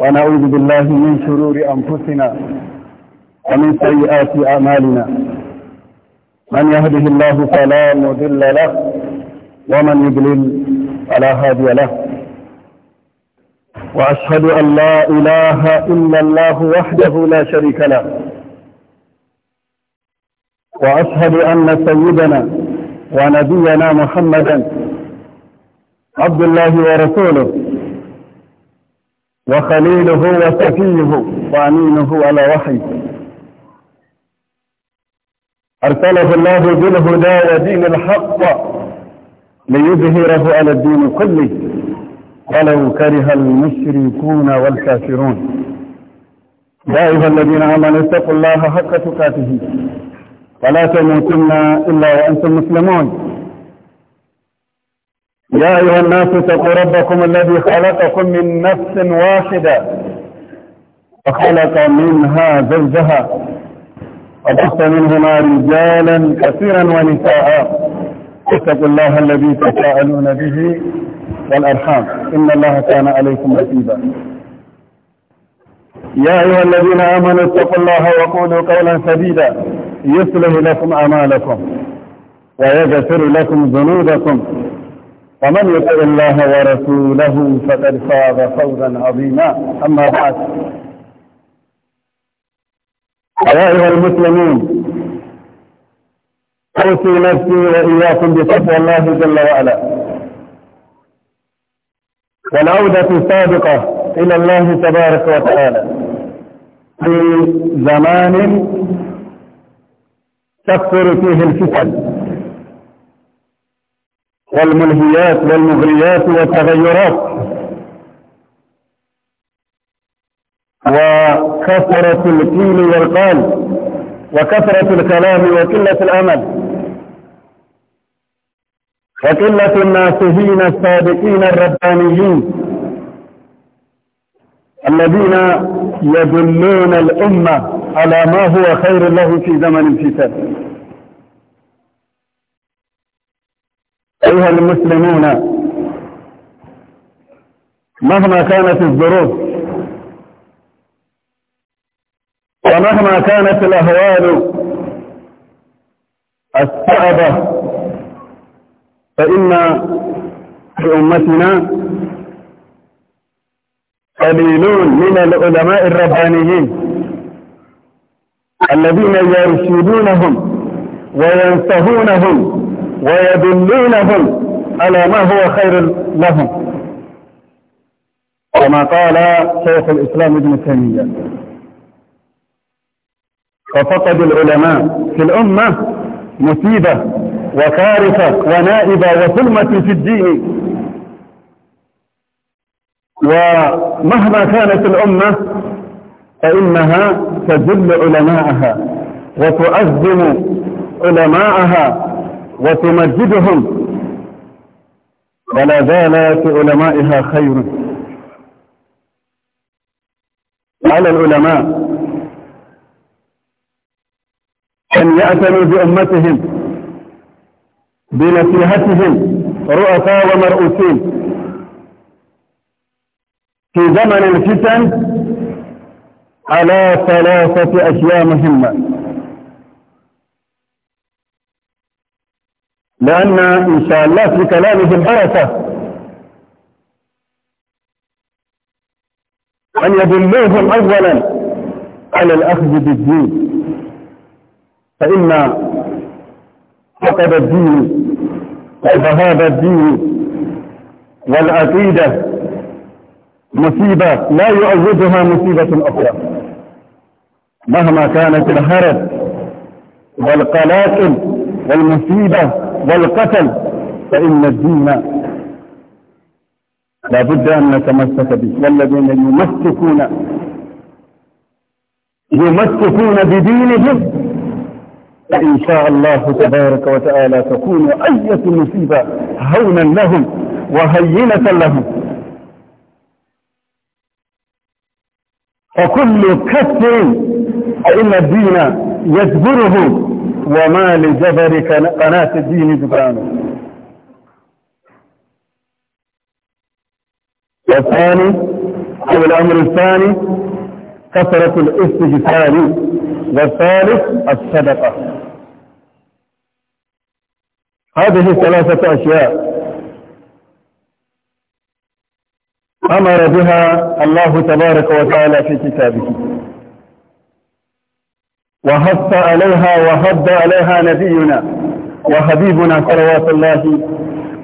ونعوذ بالله من شرور أنفسنا ومن سيئات أعمالنا من يهده الله فلا مضل له ومن يضلل فلا هادي له وأشهد أن لا إله إلا الله وحده لا شريك له وأشهد أن سيدنا ونبينا محمدا عبد الله ورسوله وخليله وسفيه وأمينه على وحيه أرسله الله بالهدى ودين الحق ليظهره على الدين كله ولو كره المشركون والكافرون يا أيها الذين آمنوا اتقوا الله حق تقاته ولا تموتن إلا وأنتم مسلمون يا أيها الناس اتقوا ربكم الذي خلقكم من نفس واحدة وخلق منها زوجها وبث منهما رجالا كثيرا ونساء اتقوا الله الذي تساءلون به والأرحام إن الله كان عليكم رقيبا يا أيها الذين آمنوا اتقوا الله وقولوا قولا سديدا يصلح لكم أعمالكم ويغفر لكم ذنوبكم ومن يطع الله ورسوله فقد فاز فوزا عظيما أما بعد يا أيها المسلمين أوصي نفسي وإياكم بتقوى الله جل وعلا والعودة السابقة إلى الله تبارك وتعالى في زمان تكثر فيه الفتن والملهيات والمغريات والتغيرات وكثرة القيل والقال وكثرة الكلام وقلة الأمل وقلة الناسهين الصادقين الربانيين الذين يدلون الأمة على ما هو خير له في زمن الفتن أيها المسلمون مهما كانت الظروف ومهما كانت الأهوال الصعبة فإن في أمتنا قليلون من العلماء الربانيين الذين يرشدونهم وينتهونهم ويدلونهم على ما هو خير لهم كما قال شيخ الإسلام ابن تيمية ففقد العلماء في الأمة مصيبة وكارثة ونائبة وثلمة في الدين ومهما كانت الأمة فإنها تذل علماءها وتعزم علماءها وتمجدهم ولا زال في علمائها خير على العلماء أن يأتنوا بأمتهم بنصيحتهم رؤساء ومرؤوسين في زمن الفتن على ثلاثة أشياء مهمة لأن إن شاء الله في كلامهم البركة أن يدلوهم أولا على الأخذ بالدين فإن فقد الدين وذهاب الدين والعقيدة مصيبة لا يعوضها مصيبة أخرى مهما كانت الهرب والقلاقل والمصيبة والقتل فإن الدين لا بد أن نتمسك به والذين يمسكون يمسكون بدينهم فإن شاء الله تبارك وتعالى تكون أية مصيبة هونا لهم وهينة لهم فكل كفر فإن الدين يجبره وما لجبر قناة الدين جبران والثاني أو الأمر الثاني كثرة الاستجفال والثالث الصدقة هذه ثلاثة أشياء أمر بها الله تبارك وتعالى في كتابه وهب عليها وهب عليها نبينا وحبيبنا صلوات الله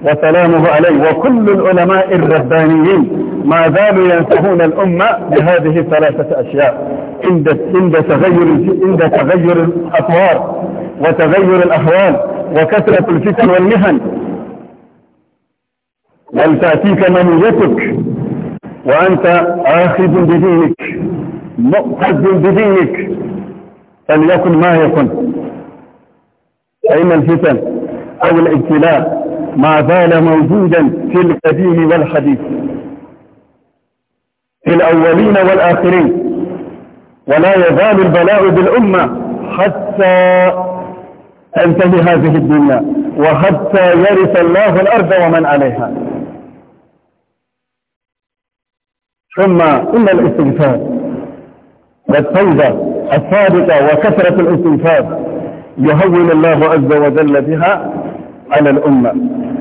وسلامه عليه وكل العلماء الربانيين ما زالوا ينتهون الأمة بهذه الثلاثة أشياء عند عند تغير عند تغير الأطوار وتغير الأحوال وكثرة الفتن والمهن ولتأتيك منيتك وأنت آخذ بدينك مؤخذ بدينك فليكن ما يكن فإن الفتن أو الابتلاء ما زال موجودا في القديم والحديث في الأولين والآخرين ولا يزال البلاء بالأمة حتى تنتهي هذه الدنيا وحتى يرث الله الأرض ومن عليها ثم إن الاستغفار والتوبة الصادقة وكثرة الاستنفاذ يهون الله عز وجل بها على الأمة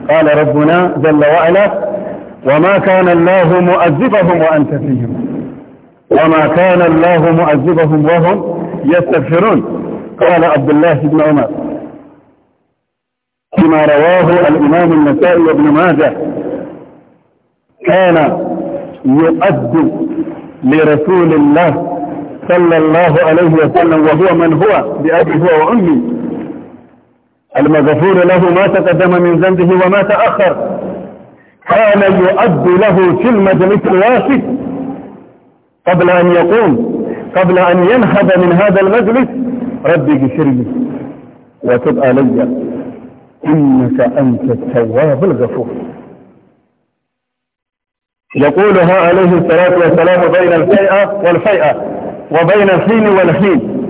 قال ربنا جل وعلا وما كان الله مؤذبهم وأنت فيهم وما كان الله مؤذبهم وهم يستغفرون قال عبد الله بن عمر فيما رواه الإمام النسائي وابن ماجه كان يؤد لرسول الله صلى الله عليه وسلم وهو من هو بأبي هو وأمي المغفور له ما تقدم من ذنبه وما تأخر كان يؤد له في المجلس الواسط قبل أن يقوم قبل أن ينهض من هذا المجلس ربي اغفر لي وتب علي إنك أنت التواب الغفور يقولها عليه الصلاة والسلام بين الفيئة والفيئة وبين الحين والحين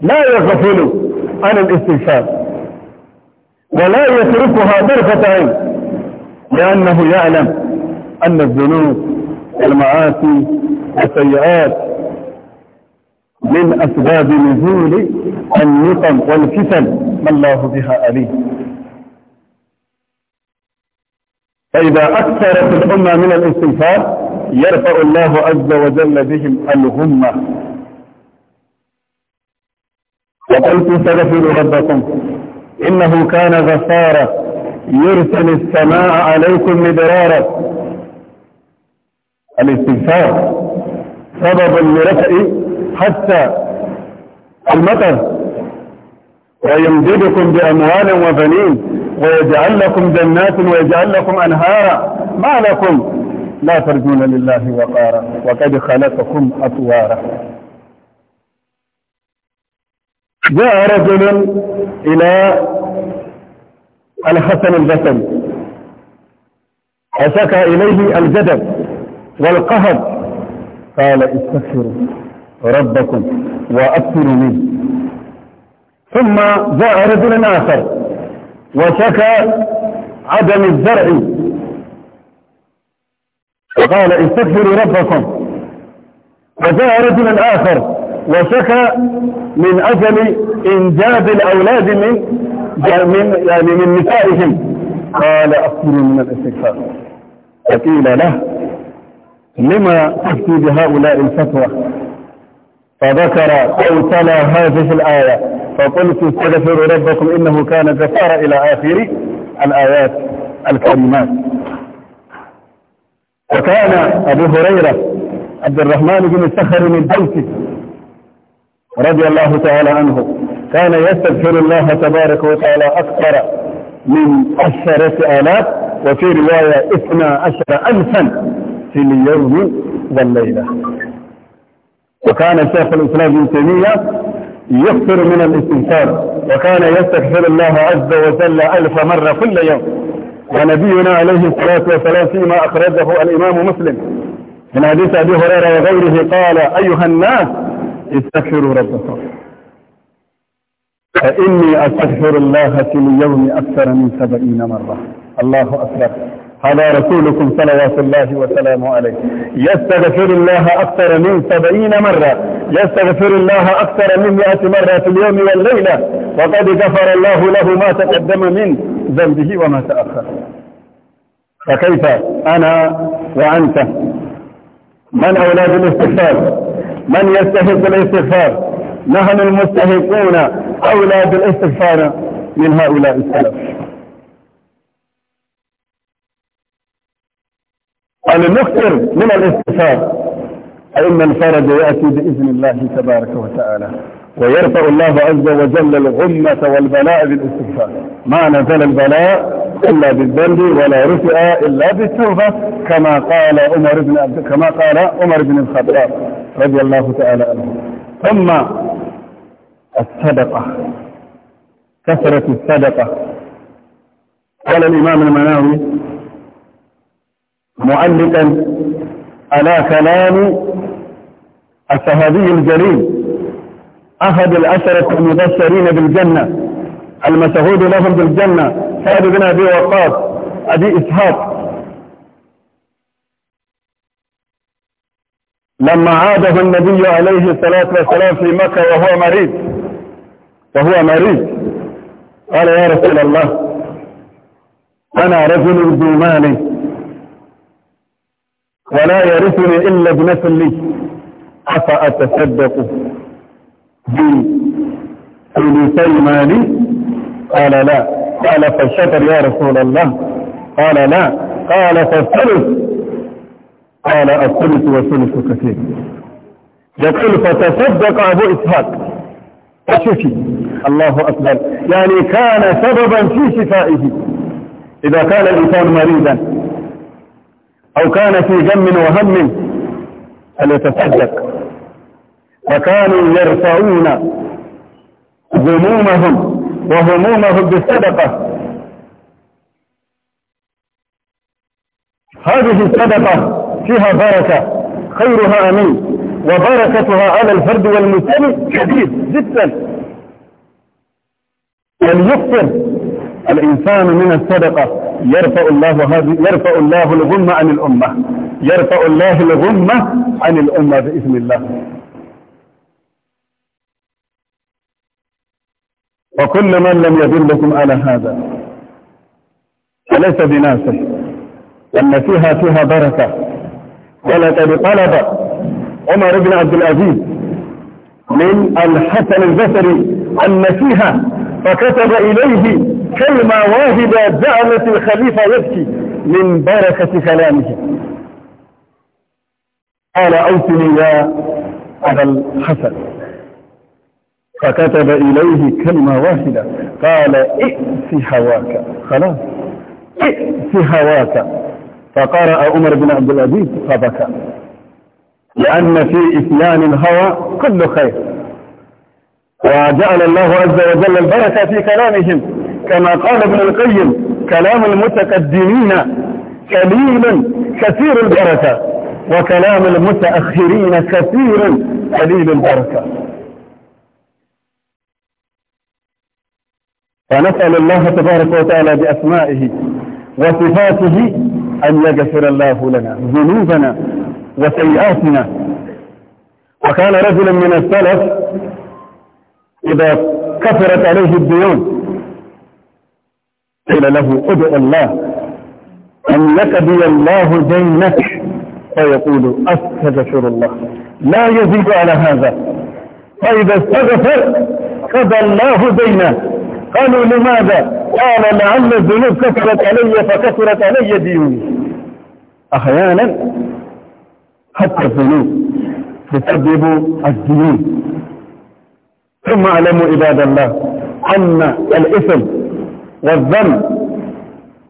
لا يغفل عن الاستغفار ولا يتركها طرفة عين لأنه يعلم أن الذنوب والمعاصي والسيئات من أسباب نزول النقم والفتن ما الله بها عليم فإذا أكثرت الأمة من الاستغفار يرفع الله عز وجل بهم الغمة وقلت استغفروا ربكم إنه كان غفارا يرسل السماء عليكم مدرارا الاستغفار سبب لرفع حتى المطر ويمددكم بأموال وبنين ويجعل لكم جنات ويجعل لكم أنهارا ما لكم لا ترجون لله وقارا وقد خلقكم أطوارا جاء رجل إلى الحسن البصري وشكى إليه الجدل والقهر قال استغفروا ربكم واكثروا منه ثم جاء رجل آخر وشكى عدم الزرع فقال استغفروا ربكم وجاء رجل آخر وشكى من أجل إنجاب الأولاد من من يعني من نسائهم قال أكثروا من الاستغفار فقيل له لما تفتي بهؤلاء الفتوى فذكر أو تلا هذه الآية فقلت استغفروا ربكم إنه كان جفار إلى آخر الآيات الكريمات وكان أبو هريرة عبد الرحمن بن السخر من بيته رضي الله تعالى عنه كان يستغفر الله تبارك وتعالى أكثر من عشرة آلاف وفي رواية اثنى عشر ألفا في اليوم والليلة وكان شيخ الإسلام ابن تيمية يكثر من الاستغفار وكان يستغفر الله عز وجل ألف مرة كل يوم ونبينا عليه الصلاة والسلام فيما أخرجه الإمام مسلم من حديث أبي هريرة وغيره قال أيها الناس استغفروا ربكم فإني أستغفر الله في اليوم أكثر من سبعين مرة الله أكبر هذا رسولكم صلوات الله وسلامه عليه يستغفر الله أكثر من سبعين مرة يستغفر الله أكثر من مئة مرة في اليوم والليلة وقد غفر الله له ما تقدم من ذنبه وما تأخر فكيف أنا وأنت من أولاد الاستغفار من يستحق الاستغفار نحن المستحقون أولاد الاستغفار من هؤلاء السلف نكثر من الاستغفار فإن الفرج يأتي بإذن الله تبارك وتعالى ويرفع الله عز وجل الغمة والبلاء بالاستغفار ما نزل البلاء إلا بالذنب ولا رفع إلا بالتوبة كما قال عمر بن عبد كما قال عمر بن الخطاب رضي الله تعالى عنه ثم الصدقة كثرة الصدقة قال الإمام المناوي معلقا على كلام الصحابي الجليل أحد الأسرة المبشرين بالجنة المشهود لهم بالجنة سعد بن أبي وقاص أبي إسحاق لما عاده النبي عليه الصلاة والسلام في مكة وهو مريض وهو مريض قال يا رسول الله أنا رجل ذو مال ولا يرثني إلا ابنة لي أفأتصدق بثلثي مالي قال لا قال فالشطر يا رسول الله قال لا قال فالثلث قال الثلث والثلث كثير يقول فتصدق أبو إسحاق فشفي الله أكبر يعني كان سببا في شفائه إذا كان الإنسان مريضا أو كان في جم وهم فليتصدق وكانوا يرفعون همومهم وهمومهم بالصدقة هذه الصدقة فيها بركة خيرها أمين وبركتها على الفرد والمسلم كبير جدا وليكثر الإنسان من الصدقة يرفع الله هذه يرفع الله الغمة عن الأمة يرفع الله الغمة عن الأمة بإذن الله وكل من لم يدلكم على هذا فليس بناسه لأن فيها فيها بركة ولقد طلب عمر بن عبد العزيز من الحسن البصري النسيها فكتب إليه كلمة واحدة جعلت الخليفة يبكي من بركة كلامه قال أوتني يا أبا الحسن فكتب إليه كلمة واحدة قال ائس هواك خلاص ائس هواك فقرأ عمر بن عبد العزيز فبكى لأن في إسلام الهوى كل خير وجعل الله عز وجل البركة في كلامهم كما قال ابن القيم كلام المتقدمين قليلا كثير البركة وكلام المتأخرين كثير قليل البركة فنسأل الله تبارك وتعالى بأسمائه وصفاته أن يغفر الله لنا ذنوبنا وسيئاتنا وكان رجلا من السلف إذا كثرت عليه الديون قيل له ادع الله أن يقضي الله دينك فيقول أستغفر الله لا يزيد على هذا فإذا استغفر قضى الله دينه قالوا لماذا قال لعل الذنوب كثرت علي فكثرت علي ديوني أحيانا حتى الذنوب تسبب الديون ثم اعلموا عباد الله أن الإثم والذنب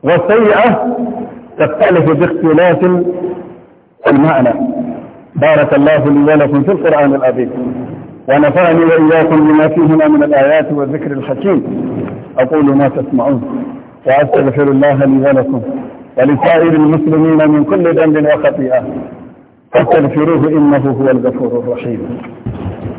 والسيئة تختلف باختلاف المعنى بارك الله لي ولكم في القرآن العظيم ونفعني وإياكم بما فيهما من الآيات والذكر الحكيم أقول ما تسمعون وأستغفر الله لي ولكم ولسائر المسلمين من كل ذنب وخطيئة فاستغفروه إنه هو الغفور الرحيم